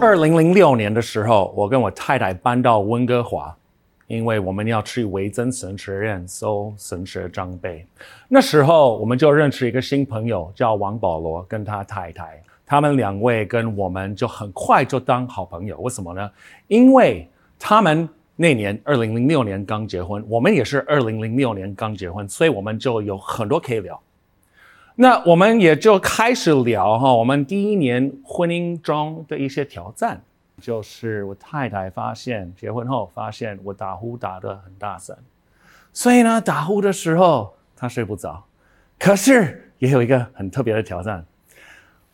二零零六年的時候，我跟我太太搬到溫哥華，因為我們要去維真神學院受、so，神學裝備。那時候我們就認識一個新朋友，叫王保羅跟他太太，他們兩位跟我們就很快就當好朋友。為什麼呢？因為他們那年二零零六年剛結婚，我們也是二零零六年剛結婚，所以我們就有很多可以聊。那我們也就開始聊哈，我們第一年婚姻中的一些挑戰，就是我太太發現結婚後發現我打呼打得很大聲，所以呢打呼的時候她睡不着，可是也有一個很特別的挑戰，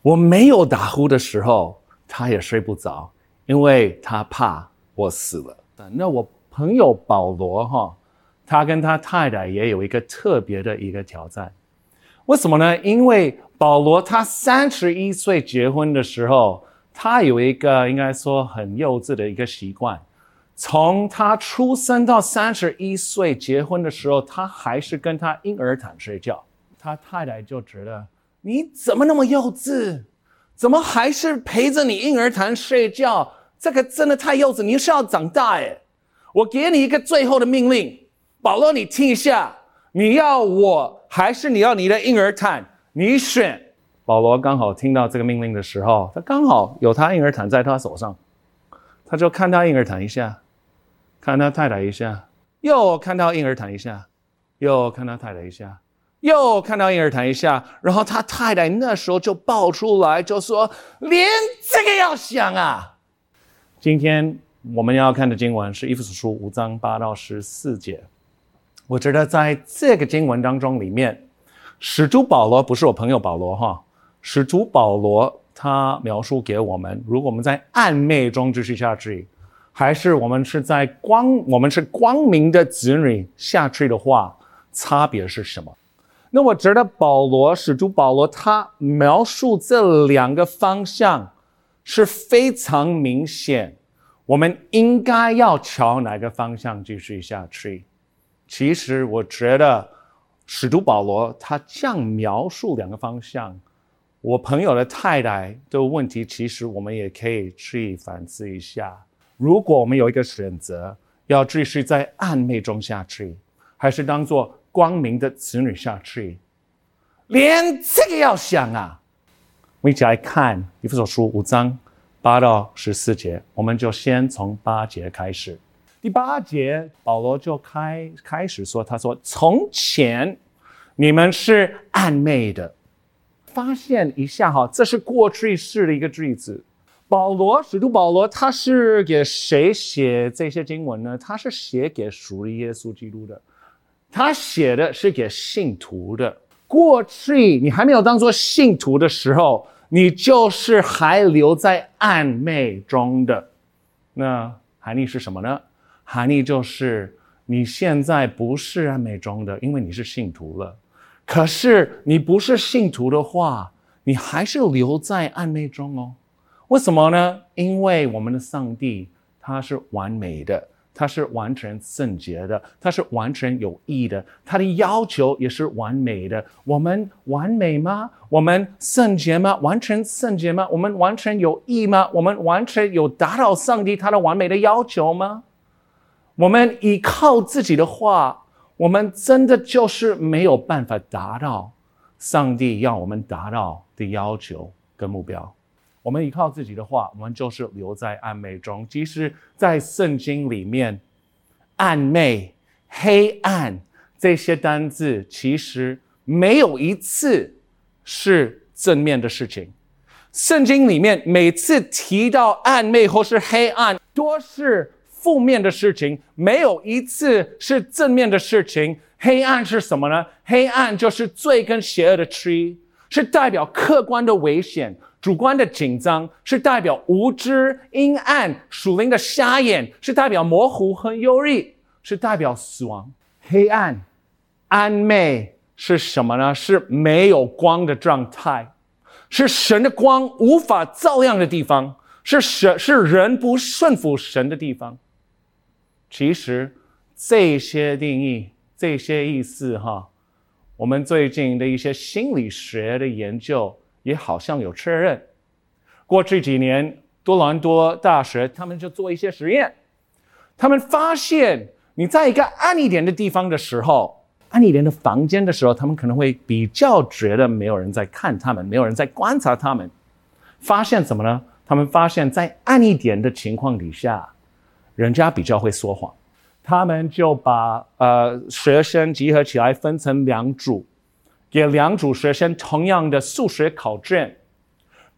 我沒有打呼的時候她也睡不着，因為她怕我死了。那我朋友保羅哈，他跟他太太也有一個特別的一個挑戰。為什麼呢？因為保羅他三十一歲結婚的時候，他有一個應該說很幼稚的一個習慣，從他出生到三十一歲結婚的時候，他還是跟他嬰兒毯睡覺。他太太就覺得你怎麼那麼幼稚？怎麼還是陪着你嬰兒毯睡覺？這個真的太幼稚，你是要長大誒。我給你一個最後的命令，保羅，你聽一下，你要我，還是你要你的嬰兒毯？你選。保羅剛好聽到這個命令的時候，他剛好有他嬰兒毯在他手上，他就看他嬰兒毯一下，看他太太一下，又看他嬰兒毯一下，又看他太太一下，又看他嬰兒毯一下。然後他太太那時候就爆出來，就說：“連這個也要想啊！”今天我們要看的經文是《以弗所書》五章八到十四節。我覺得在這個經文當中裡面，使徒保羅不是我朋友保羅哈，使徒保羅他描述給我們，如果我們在暗昧中繼續下去，還是我們是在光，我們是光明的子女下去的話，差別是什麼？那我覺得保羅使徒保羅他描述這兩個方向是非常明顯，我們應該要朝哪個方向繼續下去？其實我覺得，使徒保羅他這樣描述兩個方向，我朋友的太太的問題，其實我們也可以去反思一下：如果我們有一個選擇，要繼續在暗昧中下去，還是當做光明的子女下去？連這個要想啊！我們一起來看《以弗所書》五章八到十四節，我們就先從八節開始。第八節，保羅就開開始說：“他說，從前，你們是暗昧的。發現一下哈，這是過去式的一個句子。保羅，使徒保羅，他是給誰寫這些經文呢？他是寫給屬於耶穌基督的，他寫的是給信徒的。過去你還沒有當做信徒的時候，你就是還留在暗昧中的。那含義是什麼呢？”含義就是，你現在不是曖昧中的，因為你是信徒了。可是你不是信徒的話，你還是留在暗昧中哦。為什麼呢？因為我們的上帝他是完美的，他是完全聖潔的，他是完全有益的，他的要求也是完美的。我們完美嗎？我們聖潔嗎？完全聖潔嗎？我們完全有益嗎？我們完全有打擾上帝他的完美的要求嗎？我們依靠自己的話，我們真的就是沒有辦法達到上帝要我們達到的要求跟目標。我們依靠自己的話，我們就是留在暗昧中。其實，在聖經裡面，暗昧、黑暗這些單字，其實沒有一次是正面的事情。聖經裡面每次提到暗昧或是黑暗，多是，負面的事情，沒有一次是正面的事情。黑暗是什麼呢？黑暗就是罪跟邪惡的區，是代表客觀的危險，主觀的緊張，是代表無知、陰暗、屬靈的瞎眼，是代表模糊和憂鬱，是代表死亡。黑暗，暗昧是什麼呢？是沒有光的狀態，是神的光無法照亮的地方，是神是人不順服神的地方。其實這些定義、這些意思哈，我們最近的一些心理學的研究也好像有確認。過去幾年，多倫多大學他們就做一些實驗，他們發現你在一個暗一點的地方的時候，暗一點的房間的時候，他們可能會比較覺得沒有人在看他們，沒有人在觀察他們。發現什麼呢？他們發現在暗一點的情況底下，人家比較會說謊，他們就把呃學生集合起來，分成兩組，給兩組學生同樣的數學考卷，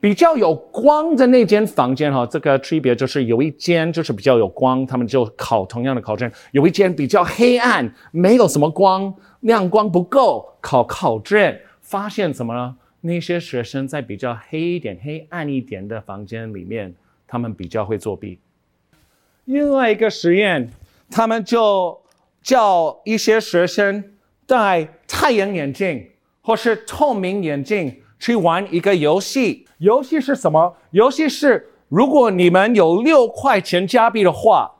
比較有光的那間房間哈，這個區別就是有一間就是比較有光，他們就考同樣的考卷，有一間比較黑暗，沒有什麼光，亮光不夠，考考卷，發現什麼呢？那些學生在比較黑一點、黑暗一點的房間裡面，他們比較會作弊。另外一個實驗，他們就叫一些學生戴太陽眼鏡或是透明眼鏡去玩一個遊戲。遊戲是什麼？遊戲是：如果你們有六塊錢加幣的話，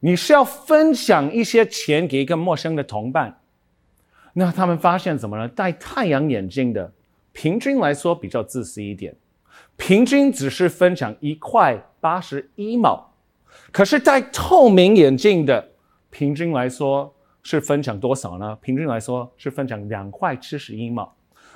你是要分享一些錢給一個陌生的同伴。那他們發現怎麼呢？戴太陽眼鏡的平均來說比較自私一點，平均只是分享一塊八十一毛。可是戴透明眼鏡的，平均來說是分享多少呢？平均來說是分享兩塊七十一嘛。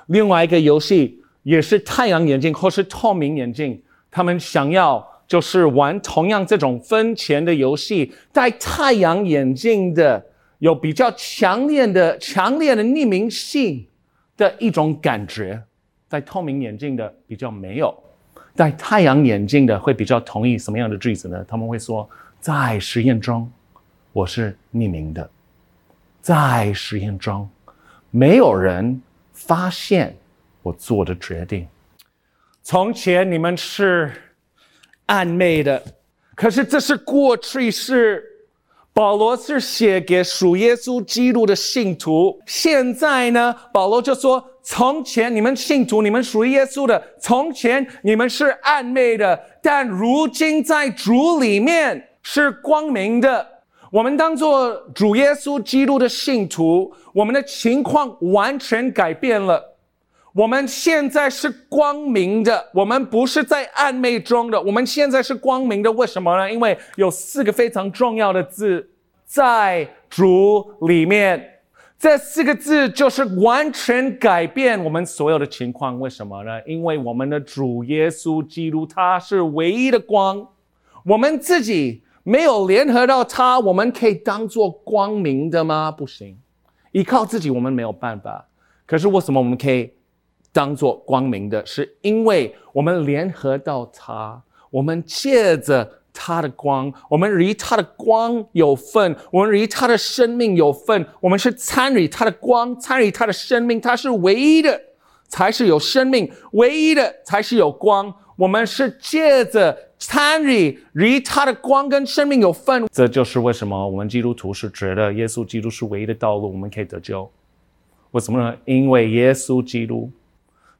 另外一個遊戲也是太陽眼鏡或是透明眼鏡，他們想要就是玩同樣這種分錢的遊戲。戴太陽眼鏡的有比較強烈的、強烈的匿名性的一種感覺，戴透明眼鏡的比較沒有。戴太陽眼鏡的會比較同意什麼樣的句子呢？他們會說：“在實驗中，我是匿名的；在實驗中，沒有人發現我做的決定。從前你們是暗昧的，可是這是過去式。”保羅是寫給屬耶穌基督的信徒。現在呢，保羅就說：從前你們信徒，你們屬於耶穌的；從前你們是暗昧的，但如今在主裡面是光明的。我們當作主耶穌基督的信徒，我們的情況完全改變了。我們現在是光明的，我們不是在暗昧中的。我們現在是光明的，為什麼呢？因為有四個非常重要的字，在主裡面，這四個字就是完全改變我們所有的情況。為什麼呢？因為我們的主耶穌基督他，是唯一的光，我們自己沒有聯合到他，我們可以當做光明的嗎？不行，依靠自己我們沒有辦法。可是為什麼我們可以？當作光明的是，因為我們聯合到他，我們借着他的光，我們離他的光有份，我們離他的生命有份，我們是參與他的光，參與他的生命。他是唯一的，才是有生命，唯一的才是有光。我們是借着參與離他的光跟生命有份。這就是為什麼我們基督徒是覺得耶穌基督是唯一的道路，我們可以得救。為什麼呢？因為耶穌基督。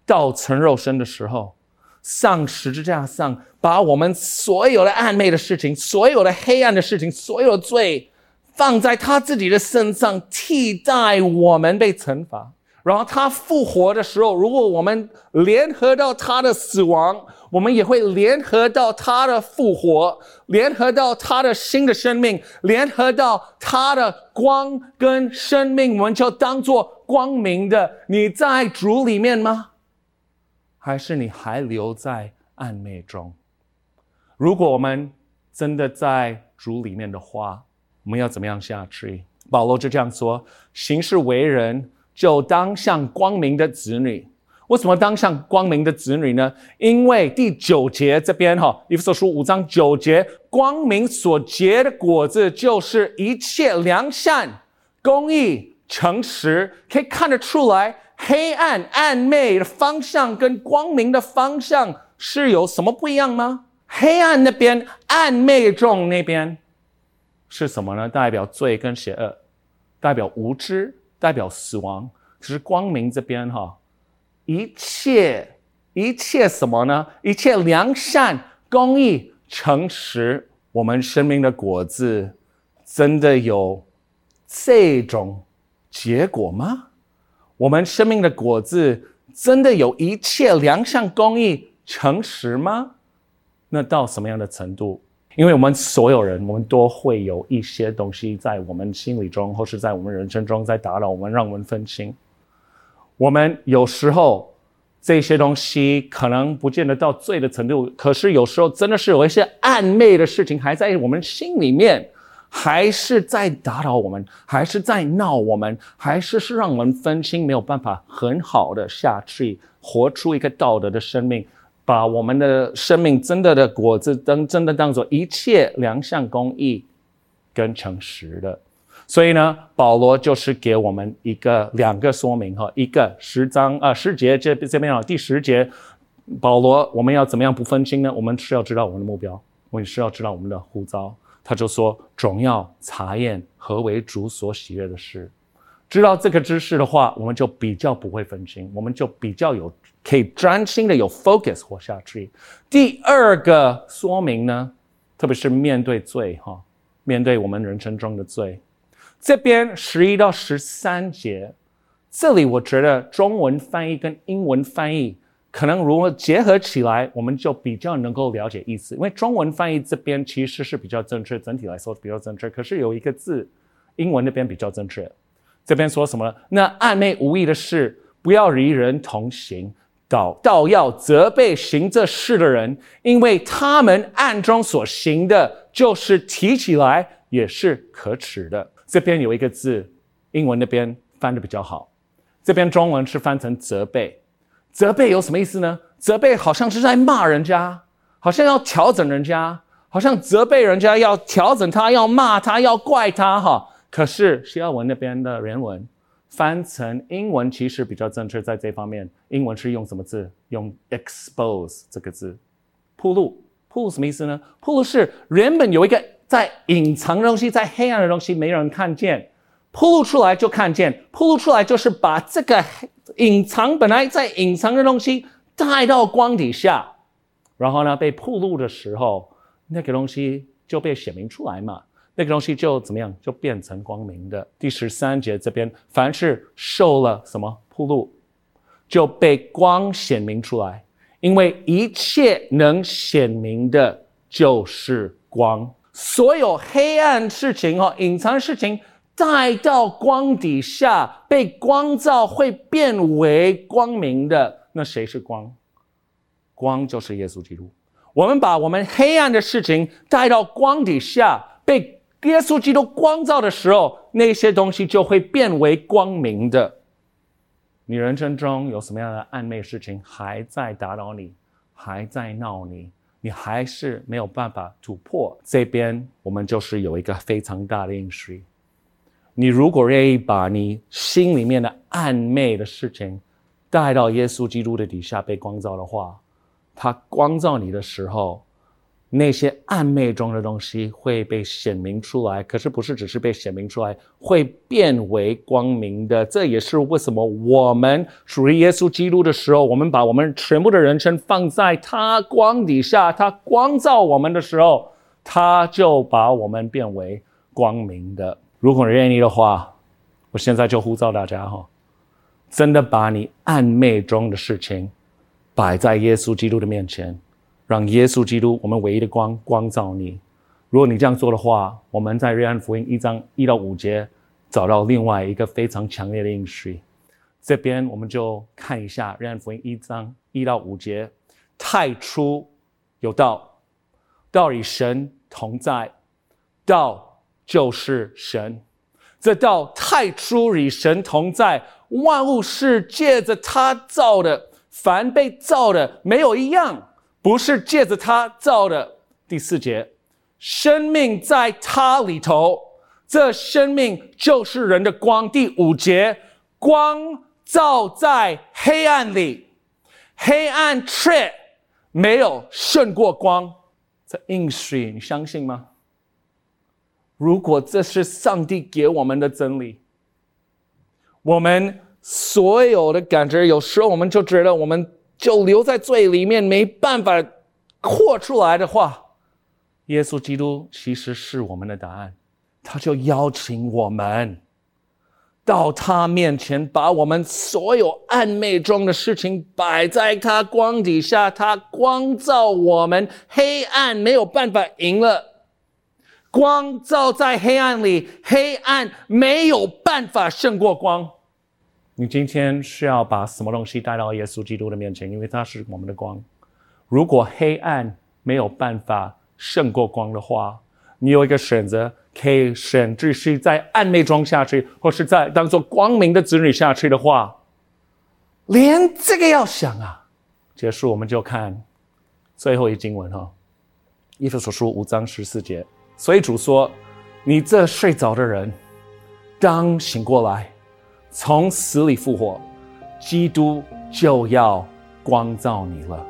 道成肉身的時候，上十字架上，把我們所有的曖昧的事情、所有的黑暗的事情、所有的罪，放在他自己的身上，替代我們被懲罰。然後他復活的時候，如果我們聯合到他的死亡，我們也會聯合到他的復活，聯合到他的新的生命，聯合到他的光跟生命，我們就當做光明的。你在主裡面嗎？還是你還留在暗昧中？如果我們真的在主裡面的話，我們要怎麼樣下去？保羅就這樣說：“行事為人，就當像光明的子女。”為什麼當像光明的子女呢？因為第九節這邊哈，以弗所書五章九節，光明所結的果子就是一切良善、公義、誠實，可以看得出來。黑暗、暗昧的方向跟光明的方向是有什麼不一樣嗎？黑暗那邊、暗昧中那邊是什麼呢？代表罪跟邪惡，代表無知，代表死亡。可是光明這邊哈，一切一切什麼呢？一切良善、公義、誠實，我們生命的果子真的有這種結果嗎？我們生命的果子真的有一切良善、公義、誠實嗎？那到什麼樣的程度？因為我們所有人，我們都會有一些東西在我們心裡中，或是在我們人生中，在打擾我們，讓我們分心。我們有時候這些東西可能不見得到罪的程度，可是有時候真的是有一些曖昧的事情還在我們心裡面。還是在打擾我們，還是在鬧我們，還是是讓我們分心，沒有辦法很好的下去活出一個道德的生命，把我們的生命真的的果子當真的當做一切良善公義跟誠實的。所以呢，保羅就是給我們一個兩個說明哈，一個十章啊十、呃、節這這邊啊第十節，保羅我們要怎麼樣不分心呢？我們是要知道我們的目標，我們是要知道我們的呼召。他就說：“總要查驗何為主所喜悅的事。知道這個知識的話，我們就比較不會分心，我們就比較有可以專心的有 focus 活下去。第二個說明呢，特別是面對罪哈，面對我們人生中的罪。這邊十一到十三節，這裡我覺得中文翻譯跟英文翻譯。”可能如果結合起來，我們就比較能夠了解意思。因為中文翻譯這邊其實是比較正確，整體來說比較正確。可是有一個字，英文那邊比較正確。這邊說什麼呢？那暗昧無益的事，不要與人同行，倒倒要責備行這事的人，因為他們暗中所行的，就是提起來也是可恥的。這邊有一個字，英文那邊翻得比較好，這邊中文是翻成責備。責備有什麼意思呢？責備好像是在罵人家，好像要調整人家，好像責備人家要調整他，要罵他，要怪他哈。可是希臘文那邊的原文翻成英文其實比較正確，在這方面，英文是用什麼字？用 expose 這個字，暴露。暴露什麼意思呢？暴露是原本有一個在隱藏的東西，在黑暗的東西，沒有人看見。曝露出來就看見，曝露出來就是把這個隱藏本來在隱藏的東西帶到光底下，然後呢，被曝露的時候，那個東西就被顯明出來嘛，那個東西就怎麼樣就變成光明的。第十三節這邊，凡是受了什麼曝露，就被光顯明出來，因為一切能顯明的就是光，所有黑暗事情哈，隱藏的事情。帶到光底下被光照會變為光明的，那誰是光？光就是耶穌基督。我們把我們黑暗的事情帶到光底下被耶穌基督光照的時候，那些東西就會變為光明的。你人生中有什麼樣的暗昧事情還在打擾你，還在鬧你，你還是沒有辦法突破？這邊我們就是有一個非常大的應許。你如果願意把你心裡面的暗昧的事情帶到耶穌基督的底下被光照的話，他光照你的時候，那些暗昧中的東西會被顯明出來。可是不是只是被顯明出來，會變為光明的。這也是為什麼我們屬於耶穌基督的時候，我們把我們全部的人生放在他光底下，他光照我們的時候，他就把我們變為光明的。如果你願意的話，我現在就呼召大家哈，真的把你暗昧中的事情擺在耶穌基督的面前，讓耶穌基督我們唯一的光光照你。如果你這樣做的話，我們在《約翰福音》一章一到五節找到另外一個非常強烈的應許。這邊我們就看一下《約翰福音》一章一到五節：“太初有道，道與神同在，道。”就是神。這道太初與神同在，萬物是借着他造的，凡被造的沒有一樣不是借着他造的。第四節，生命在他裡頭，這生命就是人的光。第五節，光照在黑暗裡，黑暗卻沒有勝過光。這應許你相信嗎？如果這是上帝給我們的真理，我們所有的感覺，有時候我們就覺得我們就留在罪裡面，沒辦法活出來的話，耶穌基督其實是我們的答案，他就邀請我們到他面前，把我們所有暗昧中的事情擺在他光底下，他光照我們，黑暗沒有辦法贏了。光照在黑暗裡，黑暗沒有辦法勝過光。你今天是要把什麼東西帶到耶穌基督的面前？因為他是我們的光。如果黑暗沒有辦法勝過光的話，你有一個選擇，可以選，繼續在暗昧中下去，或是在當作光明的子女下去的話，連這個要想啊。結束，我們就看最後一經文哈，以弗所書五章十四節。所以主說：“你這睡着的人，當醒過來，從死裡復活，基督就要光照你了。”